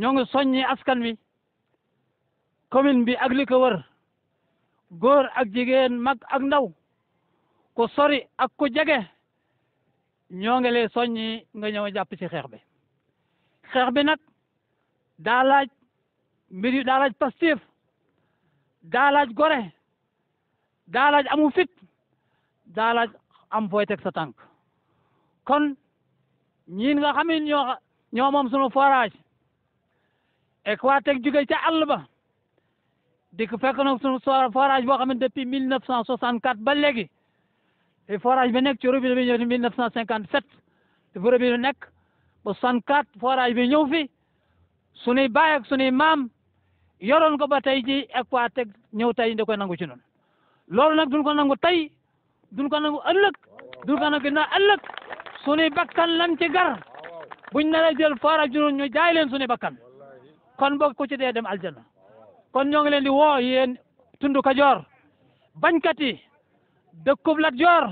ñoo ngi soññi askan wi commune bi ak li ko wër góor ak jigéen mag ak ndaw ku sori ak ko jege ñoo ngi lay soññi nga ñëw jàpp ci xeex bi xeex bi nag daa laaj mbir yu daa laaj pastif daa gore daa laaj amu fit daa am fooy sa tànk kon ñiin nga xam ne ñoo ñoo moom sunu forage waa Ecoatec jóge ca àll ba di ko fekk nag suñu forage boo xam ne depuis mille neuf cent soixante quatre ba léegi forage bi nekk ci robinet bi ñëw ci mille neuf cent nekk bi ñëw fi suñuy baay ak maam yoroon ko ba tey ji Ecoatec ñëw tey di koy nangu ci noonu loolu nag duñ ko nangu tey duñ ko nangu ëllëg duñ ko nangu na ëllëg suñuy bakkan lan ci gar buñ nar a jël forage ñu jaay leen suñuy bakkan kon boog ku ci dee dem aljana kon ñoo ngi leen di woo yéen tundu Kajoor bañkat yi dëkkub Lat Joor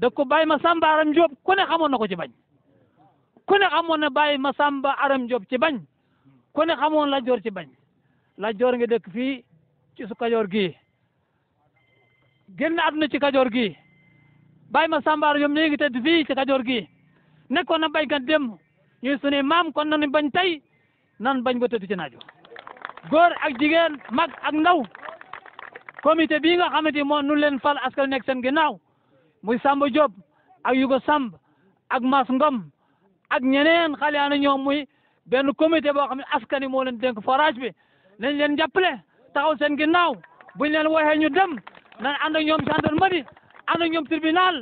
dëkkub Baye Massamba Aram Diop ku ne xamoon na ko ci bañ ku ne xamoon na ma Massamba Aram Diop ci bañ ku ne xamoon Lat Joor ci bañ Lat Joor ngi dëkk fii ci su Kajoor gii génn àdduna ci Kajoor gii Baye Massamba Aram Diop ñu ngi tëdd fii ci Kajoor gi nekkoon na bañkat dem ñuy sunuy maam kon nañu bañ tey nan bañ ba tëdd ci naaju góor ak jigen mag ak ndaw comité bi nga xamante mo nu leen fal askal nek sen ginaaw muy sambo job ak Yugo Samb ak Mas Ngom ak ñeneen xale ñoom muy benn comité boo xam ne askan yi moo leen dénk forage bi nañ leen jàppale taxaw seen ginnaaw buñ leen waxee ñu dem nan ànd ak ñoom gendarmerie ànd ak ñoom tribunal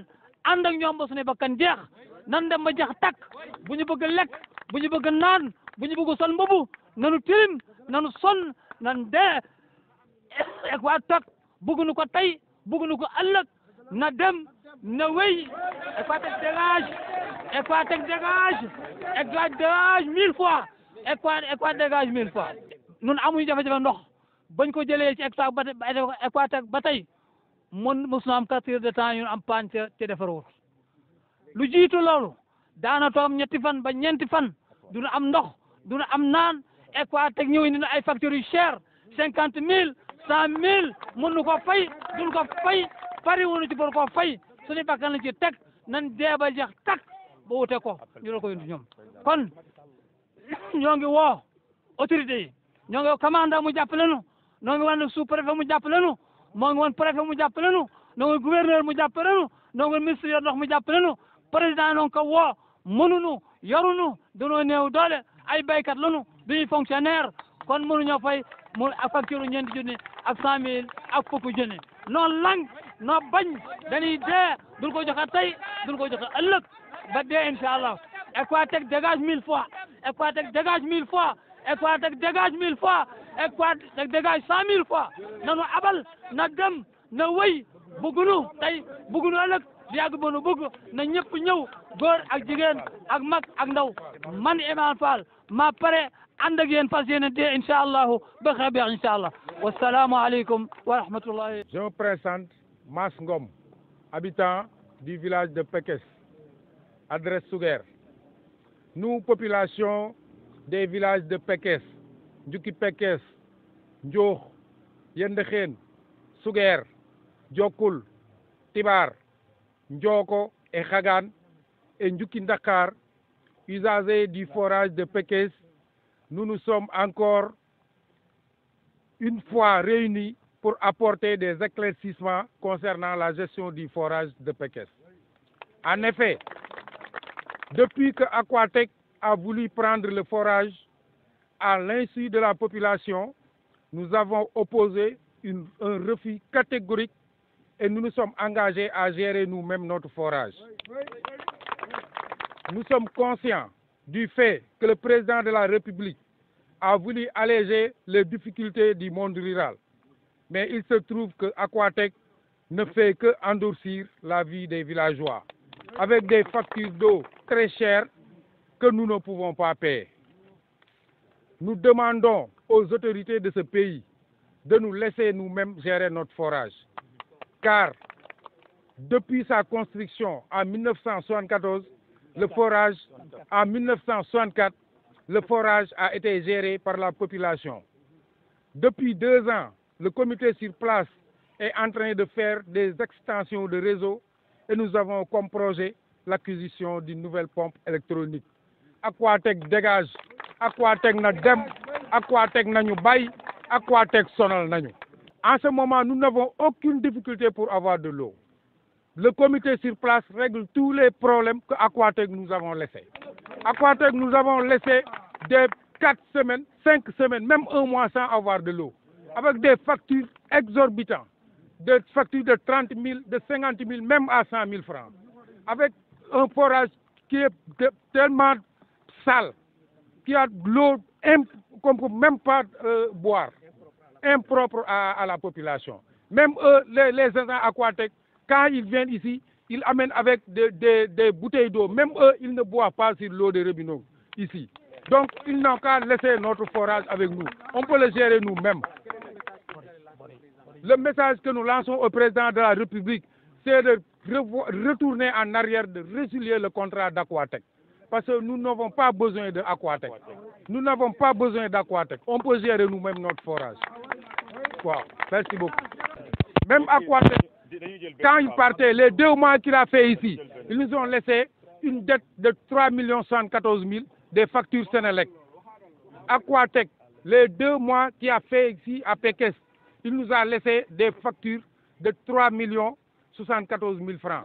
ànd ak ñoom ba suñu bakkan jeex nan dem ba jeex takk bu ñu bëgg lekk bu bëgg naan bu ñu bëgg sol mbubu nanu tilim nanu sonn nan dee ak waa toog bëgguñu ko tey bëgguñu ko ëllëg na dem na wéy Équateur dégage Équateur dégage Équateur dégage mille fois Équateur Équateur dégage mille fois nun amuñu jafe-jafe ndox bañ ko jëlee ci hectare ba Équateur ba tey mun mos na am quatre heures de temps am panne ca ca defarul lu jiitu loolu daana toog ñetti fan ba ñeenti fan du am ndox duna am naan Equatec ñëw indi na ay factures yu cher cinquante mille cent mille mënu ko fay duñ ko fay pari wunu ci pour ko fay suñu bakkan ci teg nan deeba jeex tak ba wute ko ñu doon ko yónni ñoom kon ñoo ngi woo autorité yi ñoo ngi woo commandant mu jàppale nu noo ngi wan sous préfet mu jàppale nu moo ngi woon préfet mu jàppale nu ñoo ngi gouverneur mu jàppale nu ñoo ngi ministre yor ndox mu jàppale nu président ñoo ngi ko woo mënuñu yorunu dunoo néew doole ay béykat lanu duñuy fonctionnaire kon mënuñoo fay mu ak facture ñeenti junni ak cent mille ak fukki junni noo lang noo bañ dañuy dee duñ ko joxe tey duñ ko joxe ëllëg ba dee incha allah Aquatech dégage mille fois Aquatech dégage mille fois Aquatech dégage mille fois Aquatech dégage cent mille fois nanu abal na dem na wëy bugunu tey bugunu ëllëg yàgg ba nu bëgg na ñëpp ñëw góor ak jigéen ak mag ak ndaw man Imam Fall ma pare ànd ak yéen fas yéene dee incha allahu ba xabeex incha allah wasalaamualeykum wa rahmatullahi je me présente Mas Ngom habitant du village de Pekes adresse Souguer nous population des villages de Pekes Njuki Pekes Njoox Yendexeen Souguer Jokul Tibar Ndjoko, et Khagan et Ndjouki-Dakar, usagers du forage de Pékès, nous nous sommes encore une fois réunis pour apporter des éclaircissements concernant la gestion du forage de Pékès. En effet, depuis que Aquatec a voulu prendre le forage à l'insu de la population, nous avons opposé un refus catégorique et nous nous sommes engagés à gérer nous-mêmes notre forage. Nous sommes conscients du fait que le président de la République a voulu alléger les difficultés du monde rural. Mais il se trouve que Aquatech ne fait que endurcir la vie des villageois avec des factures d'eau très chères que nous ne pouvons pas payer. Nous demandons aux autorités de ce pays de nous laisser nous-mêmes gérer notre forage car depuis sa construction en 1974, le forage, en 1964, le forage a été géré par la population. Depuis deux ans, le comité sur place est en train de faire des extensions de réseau et nous avons comme projet l'acquisition d'une nouvelle pompe électronique. Aquatec dégage, Aquatec na dem, Aquatec nañu bay, Aquatec sonal nañu. En ce moment, nous n'avons aucune difficulté pour avoir de l'eau. Le comité sur place règle tous les problèmes Aquatec nous avons laissés. Aquatec nous avons laissé des 4 semaines, 5 semaines, même un mois sans avoir de l'eau, avec des factures exorbitantes, des factures de 30 000, de 50 000, même à 100 000 francs, avec un forage qui est tellement sale, qui a de l'eau qu'on ne peut même pas euh, boire impropre à, la population. Même eux, les, les agents quand ils viennent ici, ils amènent avec des, bouteilles d'eau. Même eux, ils ne boivent pas sur l'eau des robinets ici. Donc, ils n'ont qu'à laisser notre forage avec nous. On peut le gérer nous-mêmes. Le message que nous lançons au président de la République, c'est de retourner en arrière, de résilier le contrat d'Aquatec. Parce que nous n'avons pas besoin d'aquatec. Nous n'avons pas besoin d'aquatec. On peut gérer nous-mêmes notre forage. Merci beaucoup. Même aquatec, quand il partait, les deux mois qu'il a fait ici, ils nous ont laissé une dette de 3 114 000 des factures Sénélec. Aquatec, les deux mois qu'il a fait ici à Pékès, il nous a laissé des factures de 3 millions 000 francs.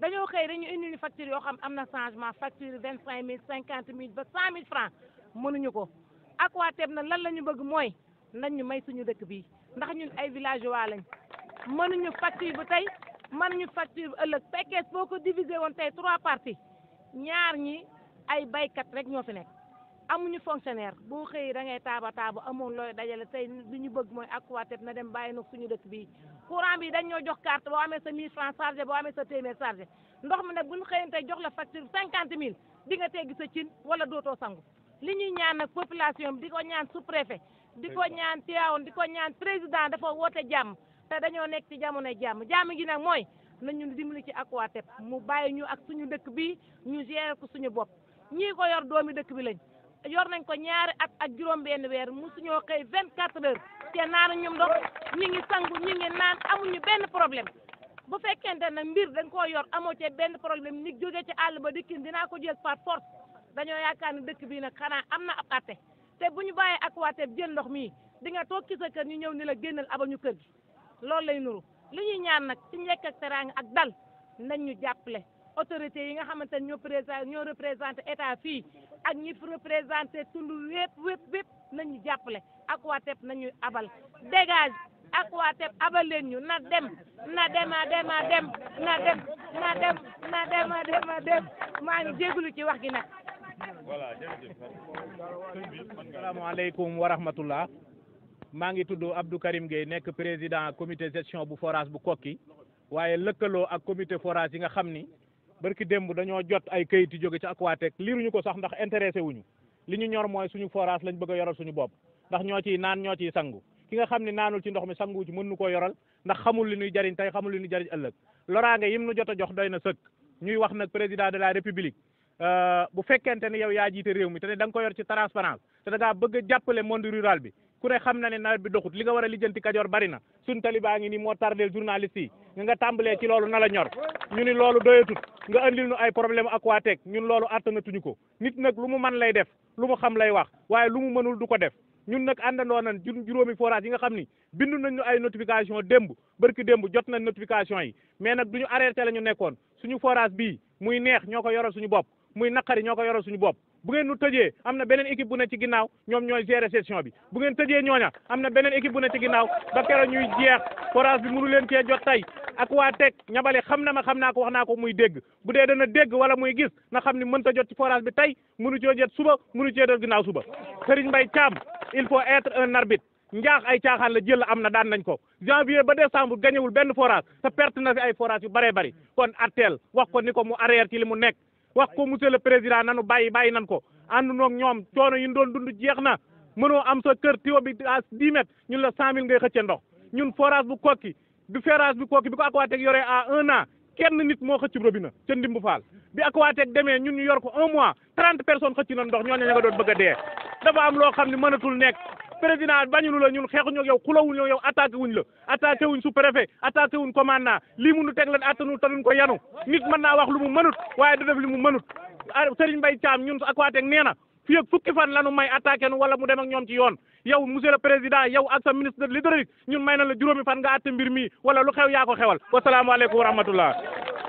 dañoo xëy dañu indi ni facture yoo xam am na changement facture vingt cinq mille cinquante mille ba cent mille francs mënuñu ko Aquatech na lan la ñu bëgg mooy nañ ñu may suñu dëkk bii ndax ñun ay waa lañ mënuñu facture bu tey mënuñu facture bu ëllëg fekkee boo ko diviser woon tey trois parties ñaar ñi ay baykat rek ñoo fi nekk amuñu fonctionnaire boo xëyee da ngay taaba taaba amoon looy dajale tey li ñu bëgg mooy Aquatech na dem bàyyi nag suñu dëkk bii courant bi dañoo jox carte boo amee sa 1000 francs chargé boo amee sa téeméer chargé ndox mi nag bu ñu xëyante jox la facture cinquante mille di nga teggi sa cin wala dootoo sangu li ñuy ñaan nag population bi di ko ñaan su préfet di ko ñaan Tivaouane di ko ñaan président dafa woote jàmm te dañoo nekk ci jamonoy jàmm jàmm gi nag mooy nañu dimbali ci Aquatech mu bàyyi ñu ak suñu dëkk bi ñu gérer ko suñu bopp ñii ko yor doomi dëkk bi lañ yor nañ ko ñaari at ak juróom benn weer mu suñoo xëy vingt quatre heures lekkee naanuñu ndox ñi ngi sangu ñi ngi naan amuñu benn problème bu fekkente nag mbir da nga koo yor amoo ce benn problème ñi jóge ci àll ba dikkin dina ko jël par force dañoo yaakaar ne dëkk bii nag xanaa am na ab atte te bu ñu bàyyee ak waatee jël ndox mi dinga nga toog ci sa kër ñu ñëw ni la génnal abañu kër gi loolu lay nuru li ñuy ñaan nag ci njëkk ak teraanga ak dal nañ ñu jàppale autorité yi nga xamante ne ñoo ñoo représenté état fii ak ñi représenté tund wépp wépp wépp nañ ñu jàppale Aquatech nañu abal dégage Aquatech abal leen ñu na dem na dem a dem na dem na dem na dem maa ngi jégalu ci wax gi nag. voilà jërëjëf. asalaamaaleykum maa ngi tudd Abdou Karim Gueye nekk président comité gestion bu forage bu Koki waaye lëkkaloo ak comité forage yi nga xam ni barki démb dañoo jot ay kayit yu jóge ci Aquatech liiruñu ko sax ndax intéressé wuñu li ñu ñor mooy suñu forage lañ bëgg a yoral suñu bopp ndax ñoo ciy naan ñoo ciy sangu ki nga xam ne naanul ci ndox mi sangu ci mën nu ko yoral ndax xamul li ñuy jariñ tey xamul li ñuy jariñ ëllëg loraange yim nu jot a jox doy na sëkk ñuy wax nag président de la république euh, bu fekkente ne yow yaa jiite réew mi te ne da ko yor ci transparence te da ngaa bëgg a jàppale monde rural bi ku ne xam na ne nawet bi doxut li nga war a lijjanti kajoor bari na suñ talibaa ngi nii moo tardeel journaliste yi nga tàmbalee ci loolu na la ñor ñu ni nga andil nu ay problème Aquatech ñun loolu àttanatuñu ko nit nag lu mu man lay def lu mu xam lay wax waaye lu mu mënul du ko def ñun nag àndandoo nan juróomi forage yi nga xam ni bindu nañu ñu ay notification démb barki démb jot nañ notification yi mais nag du ñu arrêté la ñu nekkoon suñu forage bii muy neex ñoo ko yoral suñu bopp muy naqari ñoo ko yoral suñu bopp bu ngeen nu tëjee am na beneen équipe bu ne ci ginnaaw ñoom ñooy gérer session bi bu ngeen tëjee ñooña am na beneen équipe bu ne ci ginnaaw ba keroog ñuy jeex forage leen cee jot tey ak waa teg ñabale xam na ma xam naa ko wax naa ko muy dégg bu dee na dégg wala muy gis na xam ni mënta jot ci forage bi tey mënu cee jot suba mënu cee jot ginnaaw suba Serigne Mbaye Thiam il faut être un arbitre njaax ay caaxaan la jël am na daan nañ ko janvier ba décembre gañewul benn forage te perte na fi ay forage yu bëree bëri kon artel wax ko ni ko mu arrière ci li mu nekk wax ko monsieur le président na nanu bàyyi bàyyi nan ko ànd noog ñoom coono yi doon dund jeex na mënoo am sa kër tiwo bi à 10 mètres ñun la 100000 ngay xëcce ndox ñun forage bu kokki du forage bi kooki bi ko Aquatech yoree à un kenn nit moo xëcc robinet ca ndimbu faal bi Aquatech demee ñun ñu yor ko un mois trente personnes xëcc na ndox ñoo ña nga doon bëgg a dee dafa am loo xam ne mënatul nekk président bañunu la ñun xeexuñu ak yow xulawuñu ak yow attaqué wuñ la attaqué wuñ sous-préfet attaqué wuñ commandant lii mënu teg leen attanu tanuñ ko yanu nit mën naa wax lu mu mënut waaye du def li mu mënut ah, Serigne bay Thiam ñun Aquatech nee na fii ak fukki fan lanu may attaqué nu wala mu dem ak ñoom ci yoon yow monsieur le président yow ak sa ministre de l'hydraulique ñun may na la juróomi fan nga àtte mbir mi wala lu xew yaa ko xewal wasalaamaaleykum wa rahmatullah